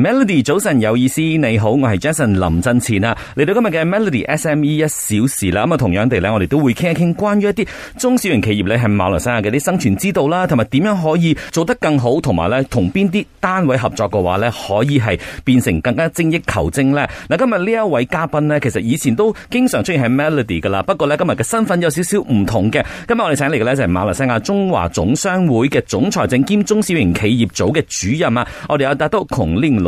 Melody，早晨有意思，你好，我係 Jason 林振前啊，嚟到今日嘅 Melody SME 一小時啦，咁啊，同樣地咧，我哋都會傾一傾關於一啲中小型企業咧喺馬來西亞嘅啲生存之道啦，同埋點樣可以做得更好，同埋咧同邊啲單位合作嘅話咧，可以係變成更加精益求精咧。嗱，今日呢一位嘉賓咧，其實以前都經常出現喺 Melody 噶啦，不過咧今日嘅身份有少少唔同嘅，今日我哋請嚟嘅咧就係馬來西亞中華總商會嘅總裁，正兼中小型企業組嘅主任啊，我哋有大都 Kong Lin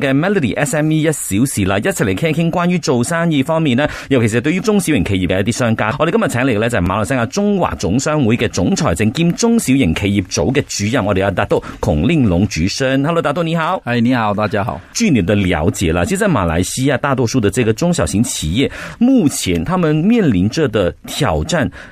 嘅 Melody SME 一小時啦，一齊嚟傾一傾關於做生意方面呢尤其是對於中小型企業嘅一啲商家，我哋今日請嚟嘅呢，就係馬來西亞中華總商會嘅總裁正兼中小型企業組嘅主任，我哋阿大都熊令龍主商。Hello，大都你好，係、hey, 你好，大家好。據你嘅了解啦，即係在馬來西亞，大多數嘅這個中小型企業，目前他們面臨着的挑戰。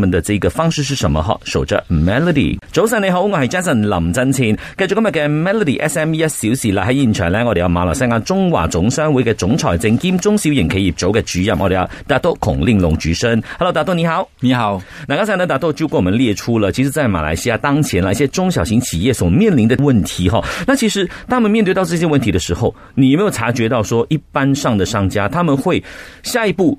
們的這個方式是什麼？學守着 Melody。早晨你好，我係 Jason 林振前，繼續今日嘅 Melody SME 一小時啦。喺現場呢，我哋有馬來西亞中華總商會嘅總財政兼中小型企業組嘅主任，我哋阿達多孔令龍主宣。Hello，達多，你好，你好。嗱，剛才呢，達多就跟我們列出了，其實，在馬來西亞當前那些中小型企業所面臨的問題，哈。那其實，當佢面對到這些問題嘅時候，你有冇察覺到，說一般上的商家，他們會下一步？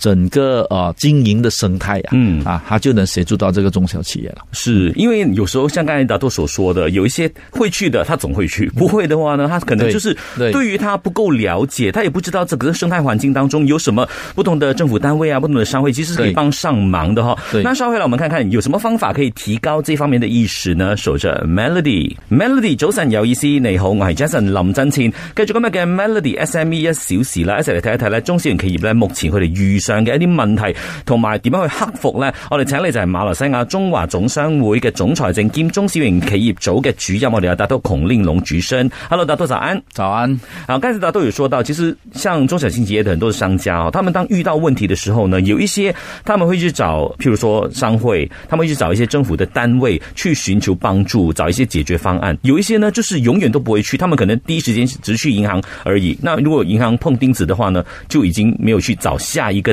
整個呃經營的生態呀、啊啊啊嗯，嗯啊，他就能協助到這個中小企業了。是，因為有時候像剛才達都所說的，有一些會去的，他總會去；不會的話呢，他可能就是對於他不夠了解，對他也不知道這個生態環境當中有什麼不同的政府單位啊、不，不同的商會，其實是可以幫上忙的哈。對那稍後來，我們看看有什麼方法可以提高這方面的意識呢？守着 Melody，Melody，周 Mel 三聊 EC，你好，我是 Jason 林振前，繼續今日嘅 Melody SME 一小時啦，一齊嚟睇一睇咧，中小型企業咧，目前或者預。上嘅一啲問題同埋點樣去克服呢？我哋請嚟就係馬來西亞中華總商會嘅總財政兼中小型企業組嘅主任，我哋又達到孔令龍局長。Hello，大家早安！早安！啊，剛才大家都有說到，其實像中小型企業嘅很多商家啊，他們當遇到問題嘅時候呢，有一些他們會去找，譬如說商會，他們會去找一些政府的單位去尋求幫助，找一些解決方案。有一些呢，就是永遠都不會去，他們可能第一時間只去銀行而已。那如果銀行碰釘子的話呢，就已經沒有去找下一個